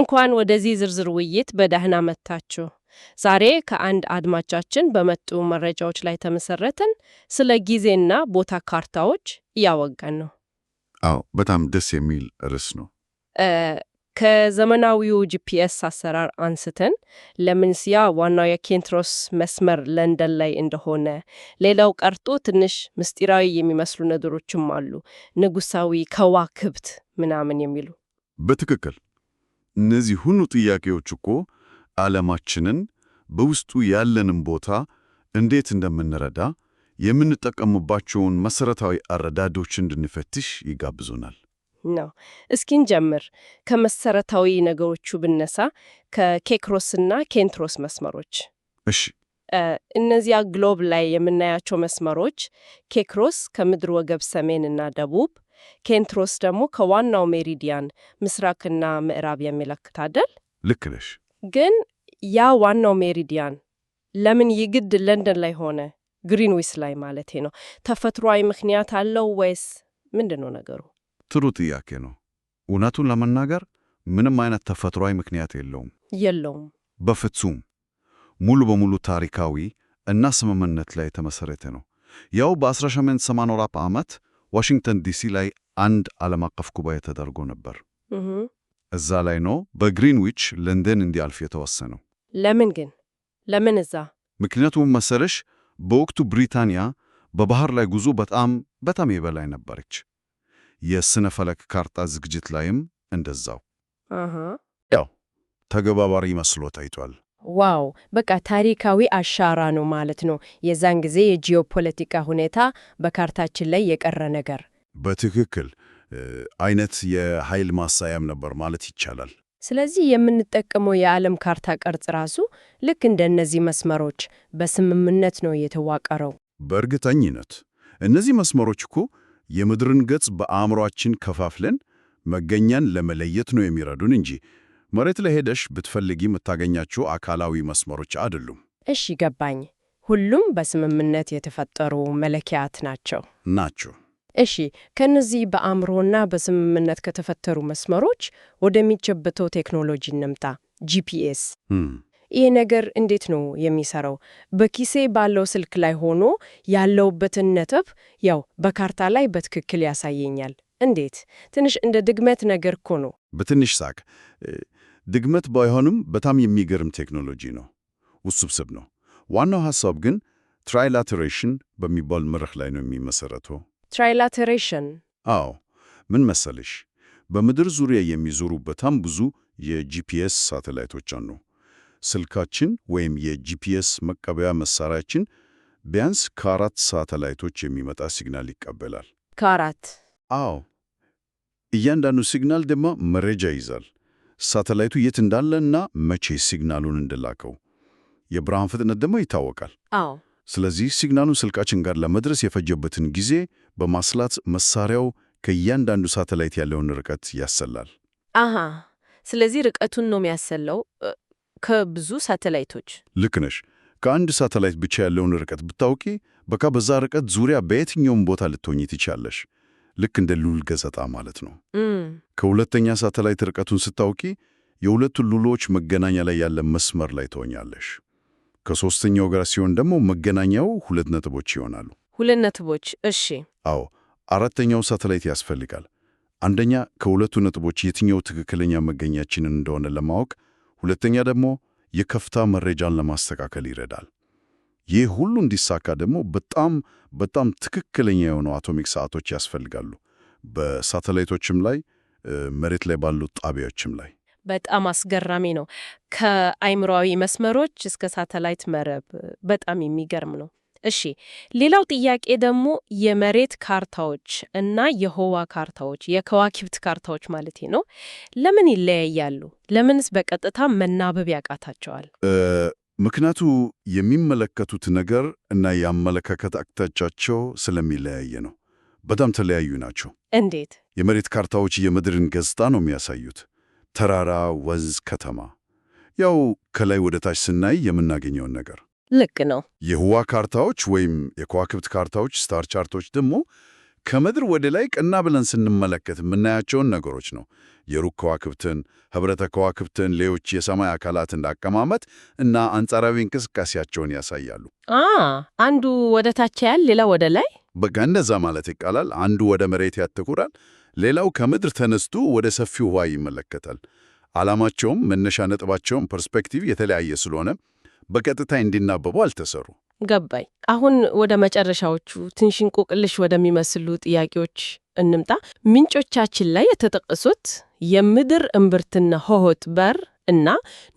እንኳን ወደዚህ ዝርዝር ውይይት በደህና መጣችሁ። ዛሬ ከአንድ አድማጫችን በመጡ መረጃዎች ላይ ተመሰረትን ስለ ጊዜና ቦታ ካርታዎች እያወጋን ነው። አዎ በጣም ደስ የሚል ርዕስ ነው። ከዘመናዊው ጂፒኤስ አሰራር አንስተን ለምንስያ ዋናው የኬንትሮስ መስመር ለንደን ላይ እንደሆነ፣ ሌላው ቀርቶ ትንሽ ምስጢራዊ የሚመስሉ ነገሮችም አሉ፣ ንጉሳዊ ከዋክብት ምናምን የሚሉ በትክክል እነዚህ ሁሉ ጥያቄዎች እኮ ዓለማችንን በውስጡ ያለንን ቦታ እንዴት እንደምንረዳ የምንጠቀምባቸውን መሠረታዊ አረዳዶች እንድንፈትሽ ይጋብዙናል ነው። እስኪን ጀምር ከመሠረታዊ ነገሮቹ ብነሳ ከኬክሮስና ኬንትሮስ መስመሮች። እሺ እነዚያ ግሎብ ላይ የምናያቸው መስመሮች ኬክሮስ ከምድር ወገብ ሰሜን እና ደቡብ ኬንትሮስ ደግሞ ከዋናው ሜሪዲያን ምስራቅና ምዕራብ የሚለክት አይደል? ልክ ነሽ። ግን ያ ዋናው ሜሪዲያን ለምን ይግድ ለንደን ላይ ሆነ? ግሪንዊስ ላይ ማለት ነው። ተፈጥሯዊ ምክንያት አለው ወይስ ምንድን ነው ነገሩ? ጥሩ ጥያቄ ነው። እውነቱን ለመናገር ምንም አይነት ተፈጥሯዊ ምክንያት የለውም የለውም፣ በፍጹም ሙሉ በሙሉ ታሪካዊ እና ስምምነት ላይ የተመሰረተ ነው። ያው በ1884 ዓመት ዋሽንግተን ዲሲ ላይ አንድ ዓለም አቀፍ ጉባኤ ተደርጎ ነበር። እዛ ላይ ነው በግሪንዊች ለንደን እንዲያልፍ የተወሰነው። ለምን ግን ለምን እዛ? ምክንያቱም መሰለሽ በወቅቱ ብሪታንያ በባህር ላይ ጉዞ በጣም በጣም የበላይ ነበረች። የስነ ፈለክ ካርታ ዝግጅት ላይም እንደዛው። ያው ተገባባሪ መስሎ ታይቷል። ዋው! በቃ ታሪካዊ አሻራ ነው ማለት ነው። የዛን ጊዜ የጂኦፖለቲካ ሁኔታ በካርታችን ላይ የቀረ ነገር በትክክል አይነት የኃይል ማሳያም ነበር ማለት ይቻላል። ስለዚህ የምንጠቀመው የዓለም ካርታ ቅርጽ ራሱ ልክ እንደ እነዚህ መስመሮች በስምምነት ነው የተዋቀረው። በእርግጠኝነት እነዚህ መስመሮች እኮ የምድርን ገጽ በአእምሯችን ከፋፍለን መገኛን ለመለየት ነው የሚረዱን እንጂ መሬት ላይ ሄደሽ ብትፈልጊ የምታገኛቸው አካላዊ መስመሮች አይደሉም። እሺ ገባኝ። ሁሉም በስምምነት የተፈጠሩ መለኪያት ናቸው ናቸው። እሺ ከነዚህ በአእምሮና በስምምነት ከተፈጠሩ መስመሮች ወደሚጨበተው ቴክኖሎጂ እንምጣ። ጂፒኤስ ይህ ነገር እንዴት ነው የሚሰራው? በኪሴ ባለው ስልክ ላይ ሆኖ ያለውበትን ነጥብ ያው በካርታ ላይ በትክክል ያሳየኛል። እንዴት? ትንሽ እንደ ድግመት ነገር እኮ ነው። በትንሽ ሳቅ ድግመት ባይሆንም በጣም የሚገርም ቴክኖሎጂ ነው። ውስብስብ ነው። ዋናው ሐሳብ ግን ትራይላተሬሽን በሚባል መርህ ላይ ነው የሚመሰረተው። ትራይላተሬሽን? አዎ፣ ምን መሰለሽ፣ በምድር ዙሪያ የሚዞሩ በጣም ብዙ የጂፒኤስ ሳተላይቶች አሉ። ስልካችን ወይም የጂፒኤስ መቀበያ መሳሪያችን ቢያንስ ከአራት ሳተላይቶች የሚመጣ ሲግናል ይቀበላል። ከአራት? አዎ። እያንዳንዱ ሲግናል ደግሞ መረጃ ይይዛል። ሳተላይቱ የት እንዳለና መቼ ሲግናሉን እንደላከው የብርሃን ፍጥነት ደግሞ ይታወቃል። አዎ። ስለዚህ ሲግናሉን ስልካችን ጋር ለመድረስ የፈጀበትን ጊዜ በማስላት መሳሪያው ከእያንዳንዱ ሳተላይት ያለውን ርቀት ያሰላል። አሃ። ስለዚህ ርቀቱን ነው የሚያሰላው ከብዙ ሳተላይቶች። ልክ ነሽ። ከአንድ ሳተላይት ብቻ ያለውን ርቀት ብታውቂ፣ በቃ በዛ ርቀት ዙሪያ በየትኛውም ቦታ ልትሆኝ ትቻለሽ። ልክ እንደ ሉል ገጸጣ ማለት ነው። ከሁለተኛ ሳተላይት ርቀቱን ስታውቂ የሁለቱ ሉሎች መገናኛ ላይ ያለ መስመር ላይ ትሆኛለሽ። ከሶስተኛው ጋር ሲሆን ደግሞ መገናኛው ሁለት ነጥቦች ይሆናሉ። ሁለት ነጥቦች። እሺ። አዎ፣ አራተኛው ሳተላይት ያስፈልጋል። አንደኛ ከሁለቱ ነጥቦች የትኛው ትክክለኛ መገኛችንን እንደሆነ ለማወቅ፣ ሁለተኛ ደግሞ የከፍታ መረጃን ለማስተካከል ይረዳል። ይህ ሁሉ እንዲሳካ ደግሞ በጣም በጣም ትክክለኛ የሆኑ አቶሚክ ሰዓቶች ያስፈልጋሉ። በሳተላይቶችም ላይ መሬት ላይ ባሉ ጣቢያዎችም ላይ በጣም አስገራሚ ነው። ከአይምራዊ መስመሮች እስከ ሳተላይት መረብ በጣም የሚገርም ነው። እሺ፣ ሌላው ጥያቄ ደግሞ የመሬት ካርታዎች እና የህዋ ካርታዎች የከዋክብት ካርታዎች ማለት ነው ለምን ይለያያሉ? ለምንስ በቀጥታ መናበብ ያቃታቸዋል? ምክንያቱ የሚመለከቱት ነገር እና የአመለካከት አቅጣጫቸው ስለሚለያየ ነው። በጣም ተለያዩ ናቸው። እንዴት? የመሬት ካርታዎች የምድርን ገጽታ ነው የሚያሳዩት። ተራራ፣ ወንዝ፣ ከተማ፣ ያው ከላይ ወደ ታች ስናይ የምናገኘውን ነገር ልክ ነው። የህዋ ካርታዎች ወይም የከዋክብት ካርታዎች ስታር ቻርቶች ደግሞ ከምድር ወደ ላይ ቀና ብለን ስንመለከት የምናያቸውን ነገሮች ነው። የሩቅ ከዋክብትን፣ ህብረተ ከዋክብትን፣ ሌሎች የሰማይ አካላት አቀማመጥ እና አንጻራዊ እንቅስቃሴያቸውን ያሳያሉ። አንዱ ወደ ታች ያል፣ ሌላ ወደ ላይ፣ በቃ እንደዛ ማለት ይቃላል። አንዱ ወደ መሬት ያተኩራል፣ ሌላው ከምድር ተነስቶ ወደ ሰፊው ውሃ ይመለከታል። ዓላማቸውም መነሻ ነጥባቸውም ፐርስፔክቲቭ የተለያየ ስለሆነ በቀጥታ እንዲናበቡ አልተሰሩ ገባኝ። አሁን ወደ መጨረሻዎቹ ትንሽ እንቆቅልሽ ወደሚመስሉ ጥያቄዎች እንምጣ። ምንጮቻችን ላይ የተጠቀሱት የምድር እምብርትና ሆሆት በር እና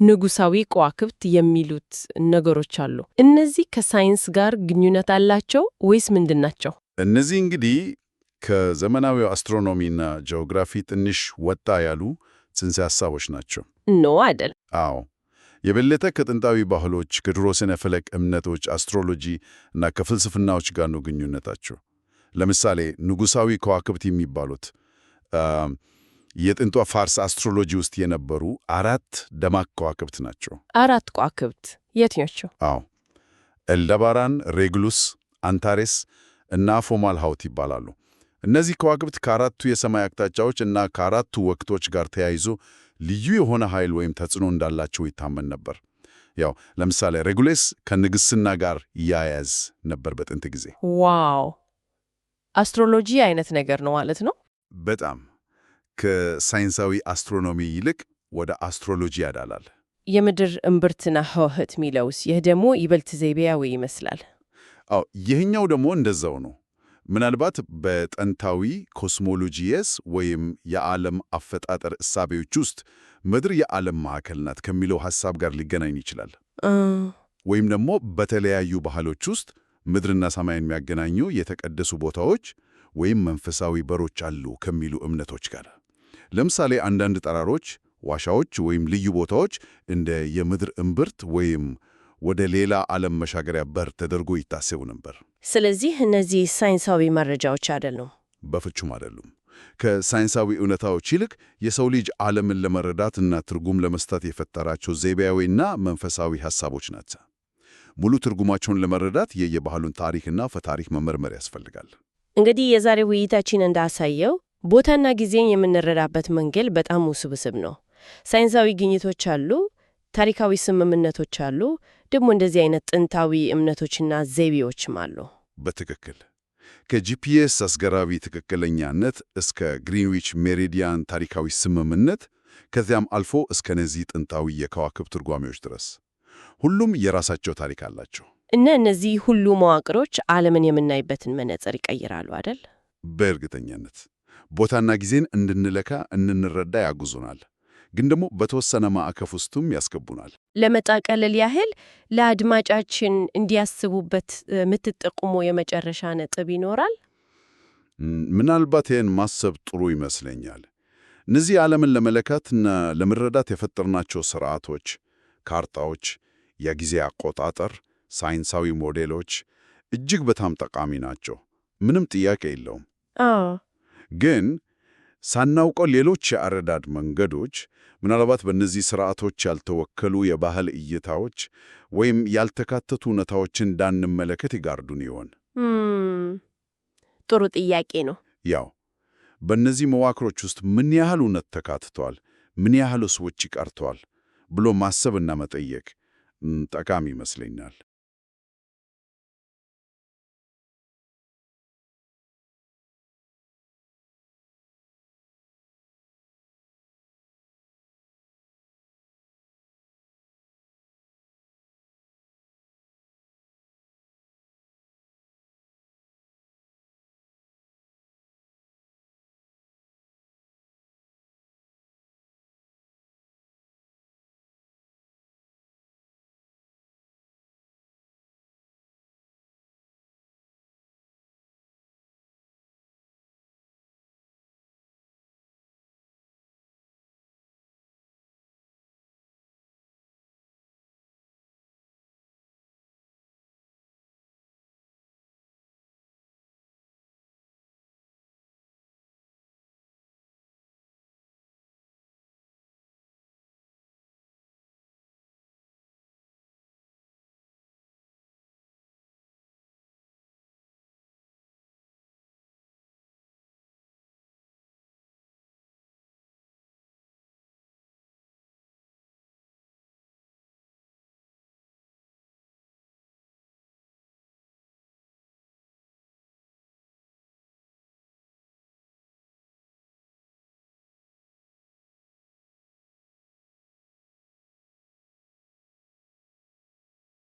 ንጉሳዊ ከዋክብት የሚሉት ነገሮች አሉ። እነዚህ ከሳይንስ ጋር ግንኙነት አላቸው ወይስ ምንድን ናቸው? እነዚህ እንግዲህ ከዘመናዊው አስትሮኖሚና ጂኦግራፊ ትንሽ ወጣ ያሉ ጽንሰ ሀሳቦች ናቸው። ኖ አይደል? አዎ የበለጠ ከጥንታዊ ባህሎች ከድሮ ስነ ፈለክ እምነቶች፣ አስትሮሎጂ እና ከፍልስፍናዎች ጋር ነው ግንኙነታቸው። ለምሳሌ ንጉሳዊ ከዋክብት የሚባሉት የጥንቷ ፋርስ አስትሮሎጂ ውስጥ የነበሩ አራት ደማቅ ከዋክብት ናቸው። አራት ከዋክብት የትኞቹ? አዎ ኤልደባራን፣ ሬግሉስ፣ አንታሬስ እና ሀውት ይባላሉ። እነዚህ ከዋክብት ከአራቱ የሰማይ አቅጣጫዎች እና ከአራቱ ወቅቶች ጋር ተያይዞ ልዩ የሆነ ኃይል ወይም ተጽዕኖ እንዳላቸው ይታመን ነበር። ያው ለምሳሌ ሬጉሌስ ከንግስና ጋር ያያዝ ነበር በጥንት ጊዜ። ዋው አስትሮሎጂ አይነት ነገር ነው ማለት ነው። በጣም ከሳይንሳዊ አስትሮኖሚ ይልቅ ወደ አስትሮሎጂ ያዳላል። የምድር እምብርትና ህውህት ሚለውስ ይህ ደግሞ ይበልጥ ዘይቤያዊ ይመስላል። አዎ ይህኛው ደግሞ እንደዛው ነው። ምናልባት በጥንታዊ ኮስሞሎጂየስ ወይም የዓለም አፈጣጠር እሳቤዎች ውስጥ ምድር የዓለም ማዕከል ናት ከሚለው ሐሳብ ጋር ሊገናኝ ይችላል። ወይም ደግሞ በተለያዩ ባህሎች ውስጥ ምድርና ሰማይን የሚያገናኙ የተቀደሱ ቦታዎች ወይም መንፈሳዊ በሮች አሉ ከሚሉ እምነቶች ጋር። ለምሳሌ አንዳንድ ጠራሮች፣ ዋሻዎች ወይም ልዩ ቦታዎች እንደ የምድር እምብርት ወይም ወደ ሌላ ዓለም መሻገሪያ በር ተደርጎ ይታሰቡ ነበር። ስለዚህ እነዚህ ሳይንሳዊ መረጃዎች አይደሉም፣ በፍጹም አይደሉም። ከሳይንሳዊ እውነታዎች ይልቅ የሰው ልጅ ዓለምን ለመረዳት እና ትርጉም ለመስጠት የፈጠራቸው ዘይቤያዊና መንፈሳዊ ሐሳቦች ናቸው። ሙሉ ትርጉማቸውን ለመረዳት የየባህሉን ታሪክና ፈታሪክ መመርመር ያስፈልጋል። እንግዲህ የዛሬ ውይይታችን እንዳሳየው ቦታና ጊዜን የምንረዳበት መንገድ በጣም ውስብስብ ነው። ሳይንሳዊ ግኝቶች አሉ፣ ታሪካዊ ስምምነቶች አሉ፣ ደግሞ እንደዚህ አይነት ጥንታዊ እምነቶችና ዘይቤዎችም አሉ። በትክክል ከጂፒኤስ አስገራቢ ትክክለኛነት እስከ ግሪንዊች ሜሪዲያን ታሪካዊ ስምምነት ከዚያም አልፎ እስከ እነዚህ ጥንታዊ የከዋክብ ትርጓሜዎች ድረስ ሁሉም የራሳቸው ታሪክ አላቸው እና እነዚህ ሁሉ መዋቅሮች ዓለምን የምናይበትን መነጽር ይቀይራሉ አይደል? በእርግጠኛነት ቦታና ጊዜን እንድንለካ እንድንረዳ ያጉዙናል። ግን ደግሞ በተወሰነ ማዕከፍ ውስጥም ያስገቡናል። ለመጣቀለል ያህል ለአድማጫችን እንዲያስቡበት የምትጠቁሞ የመጨረሻ ነጥብ ይኖራል? ምናልባት ይህን ማሰብ ጥሩ ይመስለኛል። እነዚህ ዓለምን ለመለካትና ለመረዳት የፈጠርናቸው ስርዓቶች፣ ካርታዎች፣ የጊዜ አቆጣጠር፣ ሳይንሳዊ ሞዴሎች እጅግ በጣም ጠቃሚ ናቸው። ምንም ጥያቄ የለውም። ግን ሳናውቀው ሌሎች የአረዳድ መንገዶች ምናልባት በእነዚህ ስርዓቶች ያልተወከሉ የባህል እይታዎች ወይም ያልተካተቱ እውነታዎችን እንዳንመለከት ይጋርዱን ይሆን? ጥሩ ጥያቄ ነው። ያው በእነዚህ መዋክሮች ውስጥ ምን ያህል እውነት ተካትቷል፣ ምን ያህል ውጭ ቀርቷል ብሎ ማሰብና መጠየቅ ጠቃሚ ይመስለኛል።